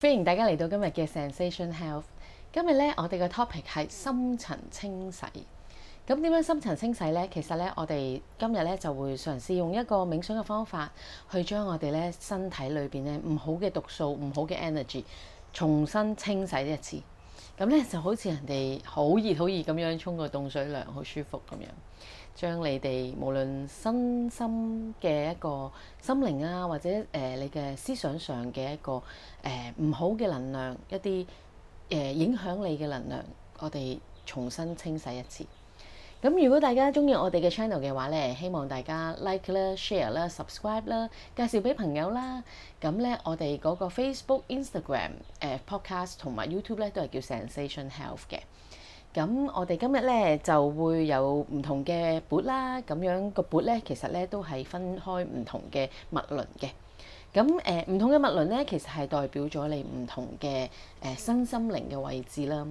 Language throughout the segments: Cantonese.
歡迎大家嚟到今日嘅 Zensation Health。今日咧，我哋嘅 topic 係深層清洗。咁點樣深層清洗呢？其實咧，我哋今日咧就會嘗試用一個冥想嘅方法，去將我哋咧身體裏邊咧唔好嘅毒素、唔好嘅 energy 重新清洗一次。咁咧就好似人哋好熱好熱咁樣沖個凍水涼，好舒服咁樣。將你哋無論身心嘅一個心靈啊，或者誒、呃、你嘅思想上嘅一個誒呃、唔好嘅能量，一啲誒、呃、影響你嘅能量，我哋重新清洗一次。咁如果大家中意我哋嘅 channel 嘅話咧，希望大家 like 啦、share 啦、subscribe 啦、介紹俾朋友啦。咁咧，我哋嗰個 Facebook、呃、Instagram、誒 podcast 同埋 YouTube 咧，都係叫 Zensation Health 嘅。咁我哋今日咧就會有唔同嘅缽啦，咁樣，這個缽咧其實咧都係分開唔同嘅物輪嘅。咁誒唔同嘅物輪咧，其實係，呃、代表咗你唔同嘅誒、呃、身心靈嘅位置啦。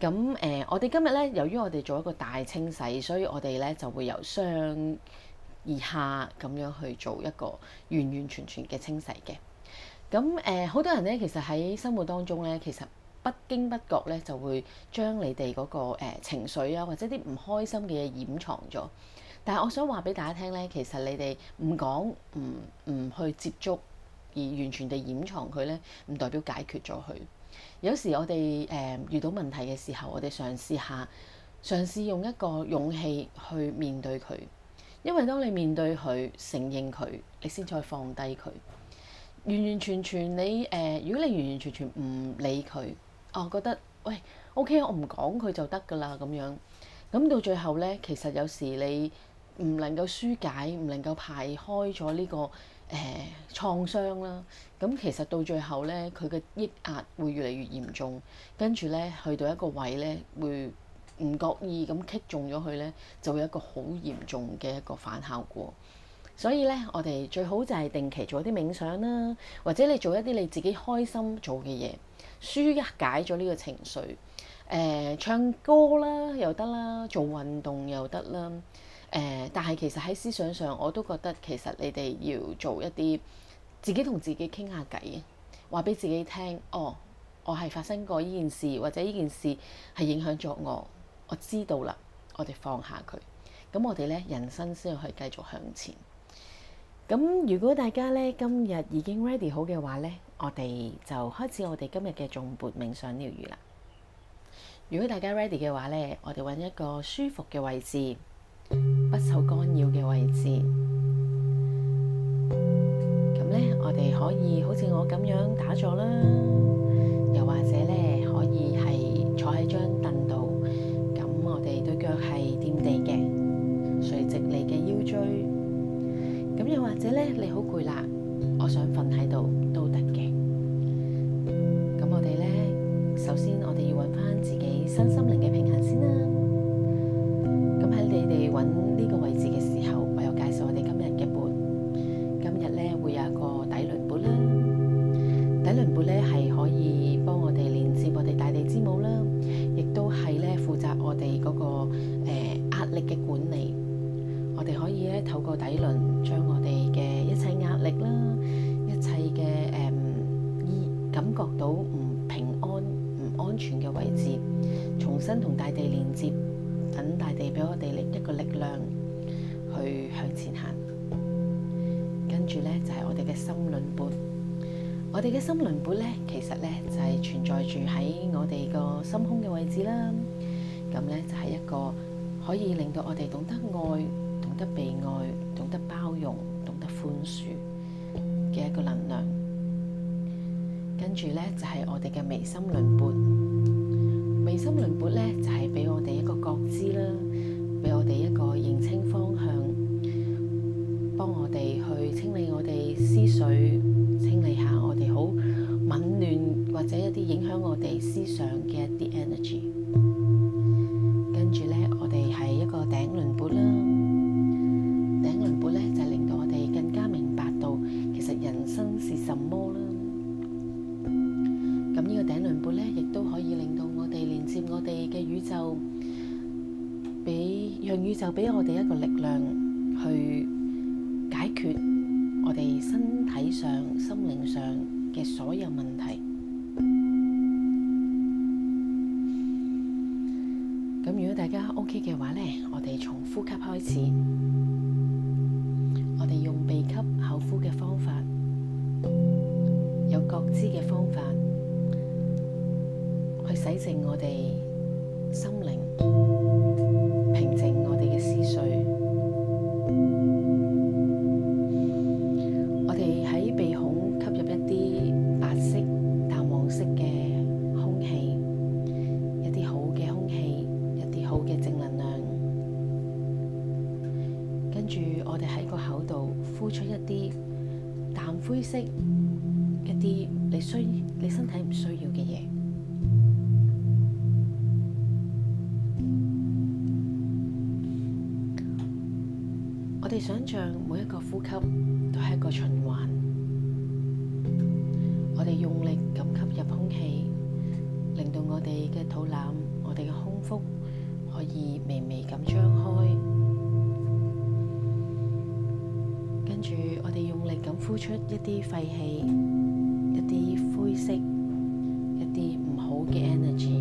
咁誒、呃，我哋今日咧，由於我哋做一個大清洗，所以我哋咧就會由上而下咁樣去做一個完完全全嘅清洗嘅。咁誒，好，呃、多人咧，其實喺生活當中咧，其實～不經不覺咧，就會將你哋嗰個誒情緒啊，或者啲唔開心嘅嘢掩藏咗。但係我想話俾大家聽咧，其實你哋唔講唔唔去接觸，而完全地掩藏佢咧，唔代表解決咗佢。有時我哋誒遇到問題嘅時候，我哋嘗試下嘗試用一個勇氣去面對佢，因為當你面對佢、承認佢，你先再放低佢。完完全全你誒，如果你完完全全唔理佢。啊，我覺得喂，OK，我唔講佢就得噶啦咁樣。咁到最後呢，其實有時你唔能夠疏解，唔能夠排開咗呢個誒創傷啦。咁其實到最後呢，佢嘅抑壓會越嚟越嚴重，跟住呢，去到一個位呢，會唔覺意咁擊中咗佢呢，就會有一個好嚴重嘅一個反效果。所以呢，我哋最好就係定期做一啲冥想啦，或者你做一啲你自己開心做嘅嘢。疏解咗呢個情緒，誒、呃、唱歌啦又得啦，做運動又得啦，誒、呃。但係其實喺思想上，我都覺得其實你哋要做一啲自己同自己傾下偈，話俾自己聽。哦，我係發生過呢件事，或者呢件事係影響咗我，我知道啦。我哋放下佢，咁我哋呢人生先可以繼續向前。咁如果大家呢今日已經 ready 好嘅話呢，我哋就開始我哋今日嘅頌缽冥想療癒啦。如果大家 ready 嘅話呢，我哋揾一個舒服嘅位置，不受干擾嘅位置。咁呢，我哋可以好似我咁樣打坐啦，又或者呢可以係坐喺張凳度。咁我哋對腳係掂地嘅。又或者咧，你好攰啦，我想瞓喺度都得嘅。咁我哋咧，首先我哋要揾返自己身心靈嘅平衡。心胸嘅位置啦，咁咧就係一個可以令到我哋懂得愛、懂得被愛、懂得包容、懂得寬恕嘅一個能量。跟住咧就係我哋嘅眉心輪盤，眉心輪盤咧就係俾我哋一個覺知啦，俾我哋一個認清方向，幫我哋去清理我哋思緒，清理下我哋好紊亂或者一啲影響我哋思想嘅一啲 energy，跟住呢，我哋係一個頂輪缽啦。頂輪缽呢，就係令到我哋更加明白到其實人生是什麼啦。咁呢個頂輪缽呢，亦都可以令到我哋連接我哋嘅宇宙，俾讓宇宙畀我哋一個力量去解決我哋身體上、心靈上嘅所有問題。咁如果大家 OK 嘅話咧，我哋從呼吸開始，我哋用鼻吸口呼嘅方法，有覺知嘅方法，去洗淨我哋心靈。我哋想象每一個呼吸都係一個循環，我哋用力咁吸入空氣，令到我哋嘅肚腩、我哋嘅胸腹可以微微咁張開，跟住我哋用力咁呼出一啲廢氣、一啲灰色、一啲唔好嘅 energy。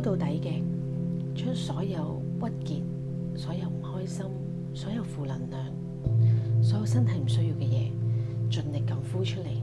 到底嘅，將所有鬱結、所有唔開心、所有負能量、所有身體唔需要嘅嘢，盡力咁呼出嚟。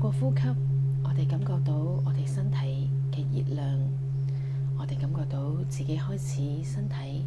透過呼吸，我哋感覺到我哋身體嘅熱量，我哋感覺到自己開始身體。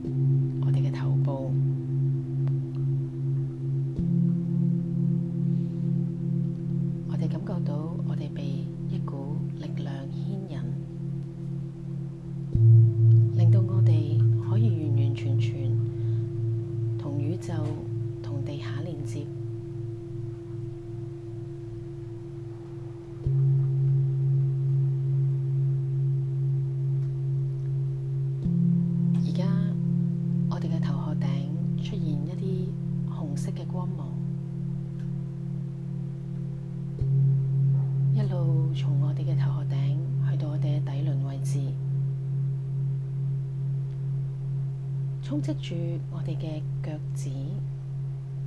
住我哋嘅腳趾、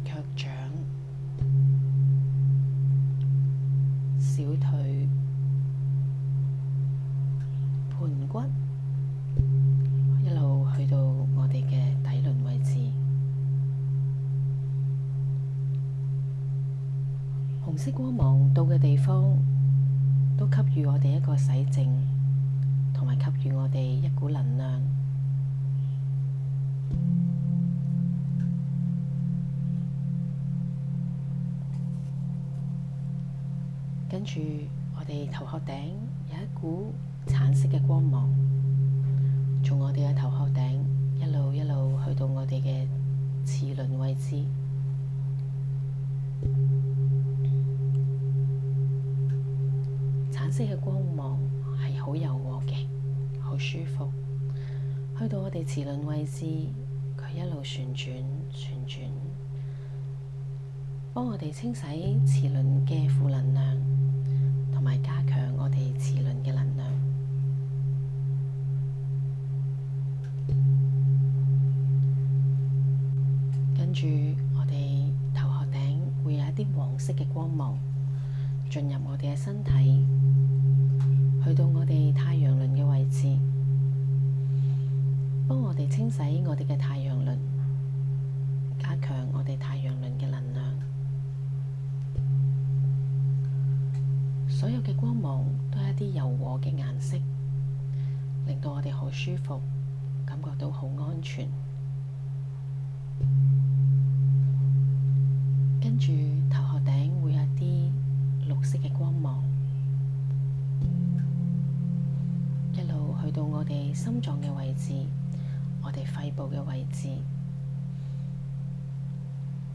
腳掌、小腿、盆骨，一路去到我哋嘅底輪位置。紅色光芒到嘅地方，都給予我哋一個洗淨，同埋給予我哋一股能量。跟住，我哋頭殼頂有一股橙色嘅光芒，從我哋嘅頭殼頂一路一路去到我哋嘅臍輪位置。橙色嘅光芒係好柔和嘅，好舒服。去到我哋臍輪位置，佢一路旋轉旋轉，幫我哋清洗臍輪嘅負能量。同埋加強我哋磁輪嘅能量，跟住我哋頭殼頂會有一啲黃色嘅光芒進入我哋嘅身體，去到我哋太陽輪嘅位置，幫我哋清洗我哋嘅太陽。舒服，感覺到好安全。跟住頭殼頂會有一啲綠色嘅光芒，一路去到我哋心臟嘅位置，我哋肺部嘅位置，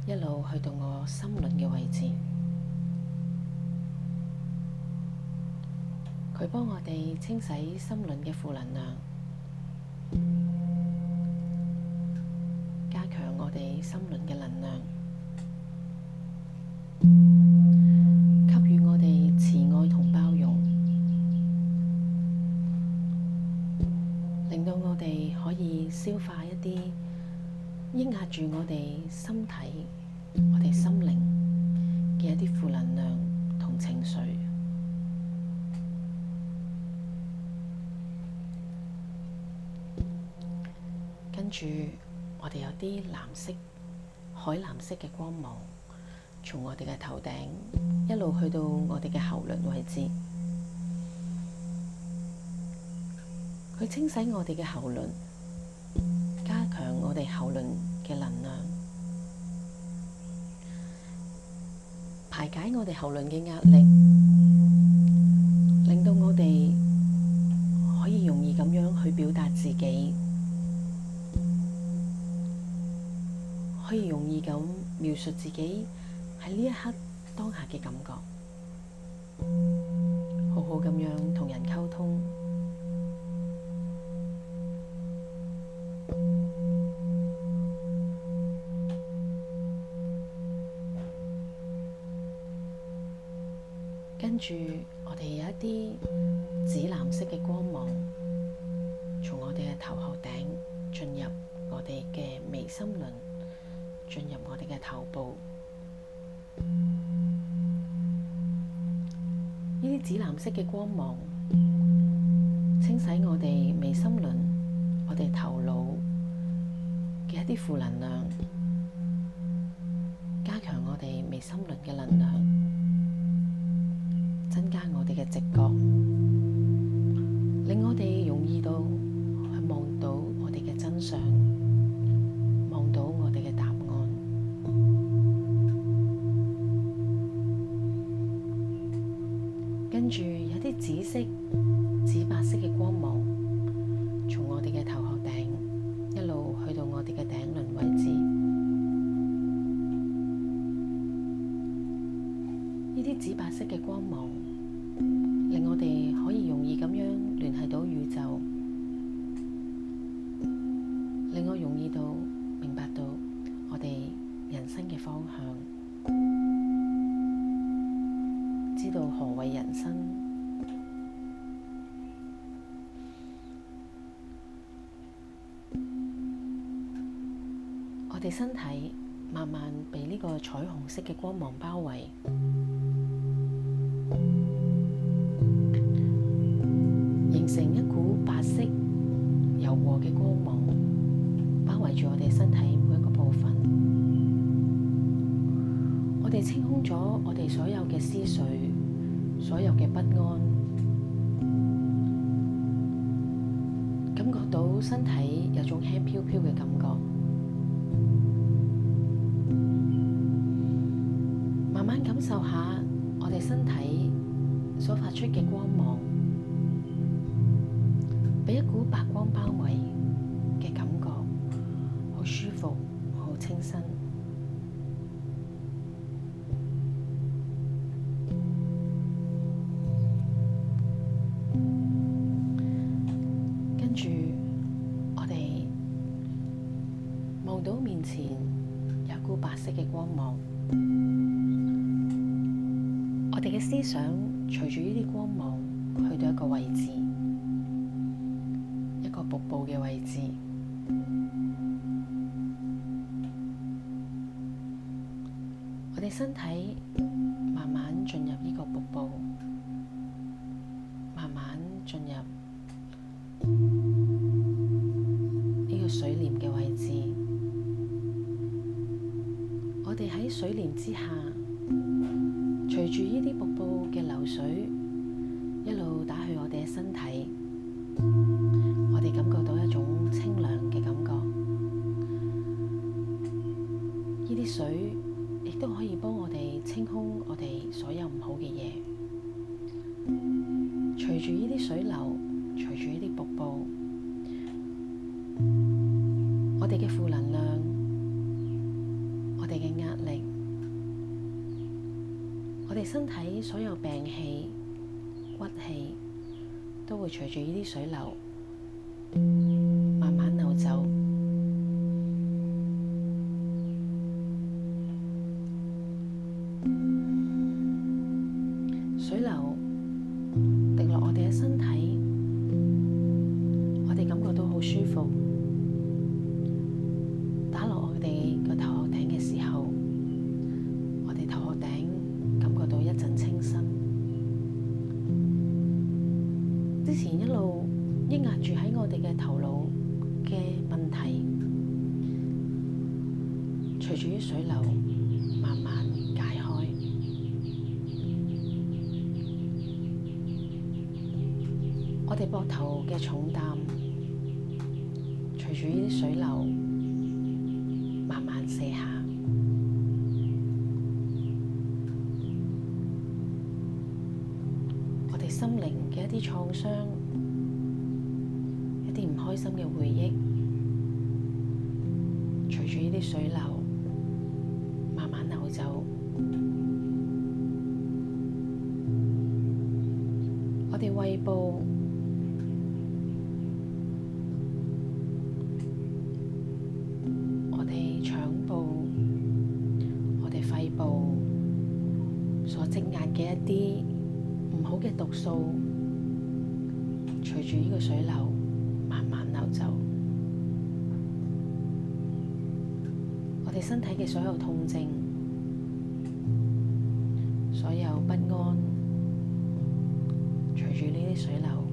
一路去到我心輪嘅位置，佢幫我哋清洗心輪嘅負能量啊。心輪嘅能量，給予我哋慈愛同包容，令到我哋可以消化一啲抑壓住我哋身體、我哋心靈嘅一啲負能量同情緒。跟住我哋有啲藍色。海藍色嘅光芒從我哋嘅頭頂一路去到我哋嘅喉輪位置，佢清洗我哋嘅喉輪，加強我哋喉輪嘅能量，排解我哋喉輪嘅壓力，令到我哋可以容易咁樣去表達自己。可以容易咁描述自己喺呢一刻當下嘅感覺，好好咁樣同人溝通。跟住我哋有一啲紫藍色嘅光芒從我哋嘅頭後頂進入我哋嘅眉心輪。進入我哋嘅頭部，呢啲紫藍色嘅光芒清洗我哋眉心輪、我哋頭腦嘅一啲負能量，加強我哋眉心輪嘅能量，增加我哋嘅直覺，令我哋容易到去望到我哋嘅真相。紫色、紫白色嘅光芒，從我哋嘅頭殼頂一路去到我哋嘅頂輪位置。呢啲紫白色嘅光芒，令我哋可以容易咁樣聯繫到宇宙，令我容易到明白到我哋人生嘅方向，知道何謂人生。我哋身體慢慢被呢個彩虹色嘅光芒包圍，形成一股白色柔和嘅光芒，包圍住我哋身體每一個部分。我哋清空咗我哋所有嘅思緒，所有嘅不安，感覺到身體有種輕飄飄嘅感覺。感受下我哋身體所發出嘅光芒，被一股白光包圍嘅感覺，好舒服，好清新。跟住我哋望到面前有一股白色嘅光芒。思想隨住呢啲光芒去到一個位置，一個瀑布嘅位置。我哋身體慢慢進入呢個瀑布，慢慢進入呢個水簾嘅位置。我哋喺水簾之下。水。水流。傷一啲唔開心嘅回憶，隨住呢啲水流慢慢流走。我哋胃部、我哋腸部、我哋肺部所積壓嘅一啲唔好嘅毒素。住呢個水流，慢慢流走。我哋身體嘅所有痛症、所有不安，隨住呢啲水流。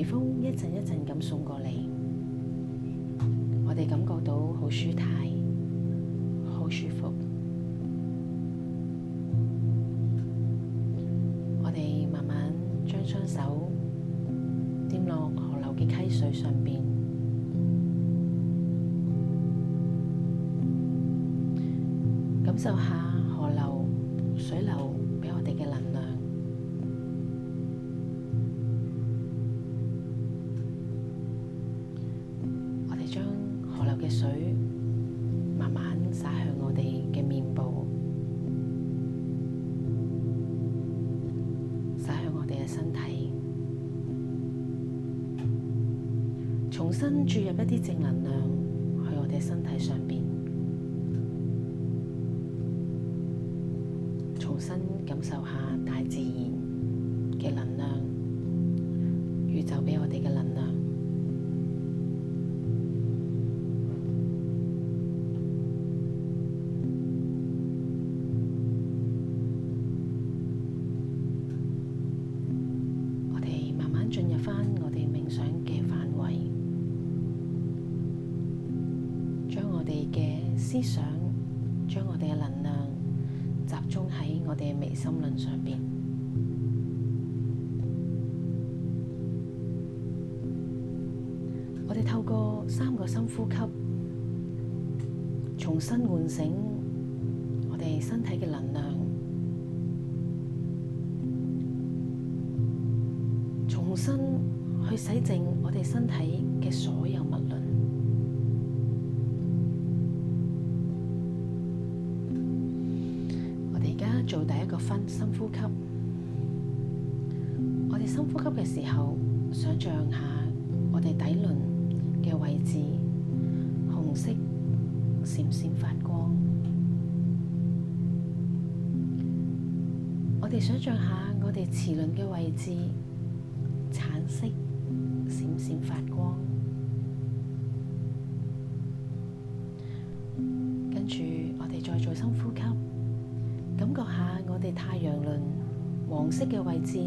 微風一陣一陣咁送過嚟，我哋感覺到好舒坦，好舒服。我哋慢慢將雙手掂落河流嘅溪水上邊。跟住入一啲正能量去我哋身體上邊，重新感受下大自然嘅能量，宇宙畀我哋嘅能量。重新去洗淨我哋身體嘅所有物輪。我哋而家做第一個分深呼吸。我哋深呼吸嘅時候，想象下我哋底輪嘅位置，紅色閃閃發光。我哋想象下我哋臍輪嘅位置。色閃閃發光，跟住我哋再做深呼吸，感覺下我哋太陽輪黃色嘅位置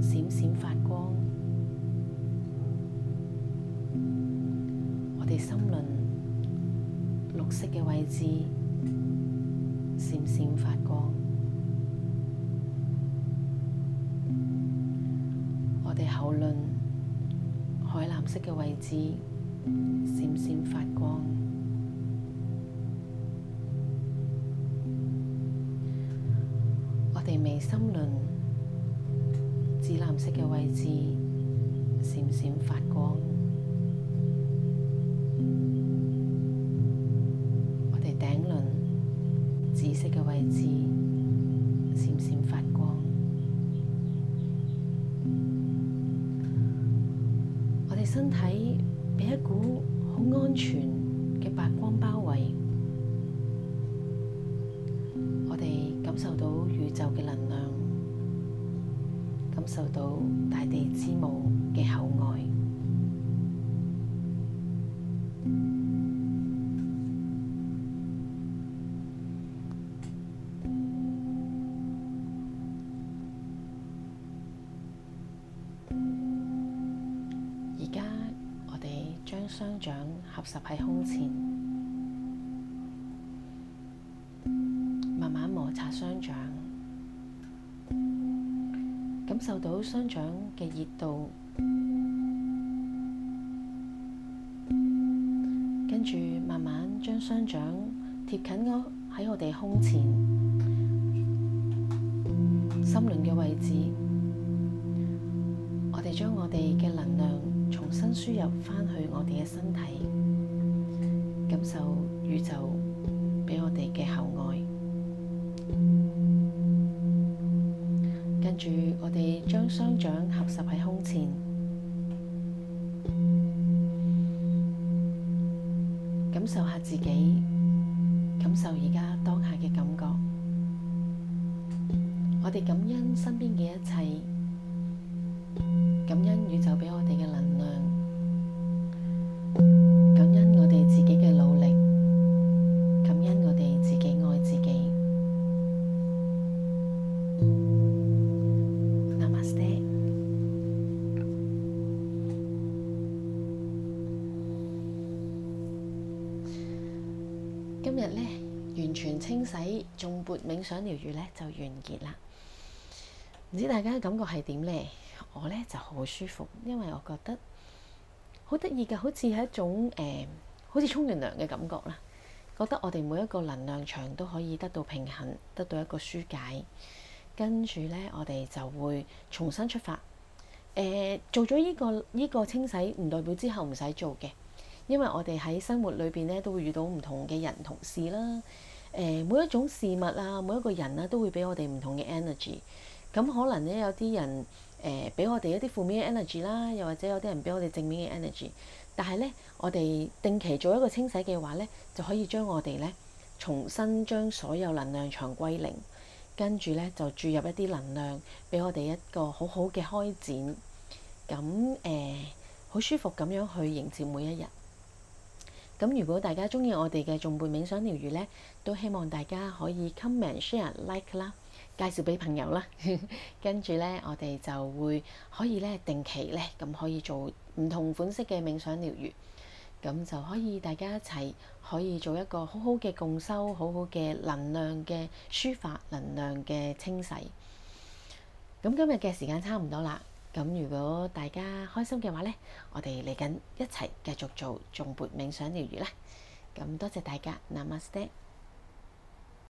閃閃發光，我哋心輪綠色嘅位置閃閃發光。喉輪，海藍色嘅位置閃閃發光，我哋眉心輪紫藍色嘅位置閃閃發光。身體被一股好安全嘅白光包圍，我哋感受到宇宙嘅能量，感受到大地之母嘅厚愛。十喺胸前，慢慢摩擦雙掌，感受到雙掌嘅熱度，跟住慢慢將雙掌貼近我喺我哋胸前心輪嘅位置，我哋將我哋嘅能量重新輸入翻去我哋嘅身體。感受宇宙俾我哋嘅厚愛，跟住我哋將雙掌合十喺胸前，感受下自己，感受而家當下嘅感覺。我哋感恩身邊嘅一切，感恩宇宙俾我哋。今日咧完全清洗頌缽冥想療癒咧就完結啦，唔知大家感覺係點呢？我咧就好舒服，因為我覺得好得意㗎，好似係一種誒、呃，好似沖完涼嘅感覺啦。覺得我哋每一個能量場都可以得到平衡，得到一個紓解，跟住咧我哋就會重新出發。誒、呃，做咗呢個呢個清洗，唔代表之後唔使做嘅。因為我哋喺生活裏邊咧，都會遇到唔同嘅人、同事啦。誒、呃，每一種事物啊，每一個人啊，都會俾我哋唔同嘅 energy。咁可能咧，有啲人誒俾、呃、我哋一啲負面 energy 啦，又或者有啲人俾我哋正面嘅 energy。但係咧，我哋定期做一個清洗嘅話咧，就可以將我哋咧重新將所有能量場歸零，跟住咧就注入一啲能量俾我哋一個好好嘅開展。咁誒，好、呃、舒服咁樣去迎接每一日。咁如果大家中意我哋嘅頌缽冥想療癒呢，都希望大家可以 comment、share、like 啦，介紹俾朋友啦。 跟住呢，我哋就會可以呢定期呢咁可以做唔同款式嘅冥想療癒，咁就可以大家一齊可以做一個好好嘅共修，好好嘅能量嘅抒發，能量嘅清洗。咁今日嘅時間差唔多啦。咁如果大家開心嘅話咧，我哋嚟緊一齊繼續做頌缽冥想療癒啦！咁多謝大家，Namaste。Nam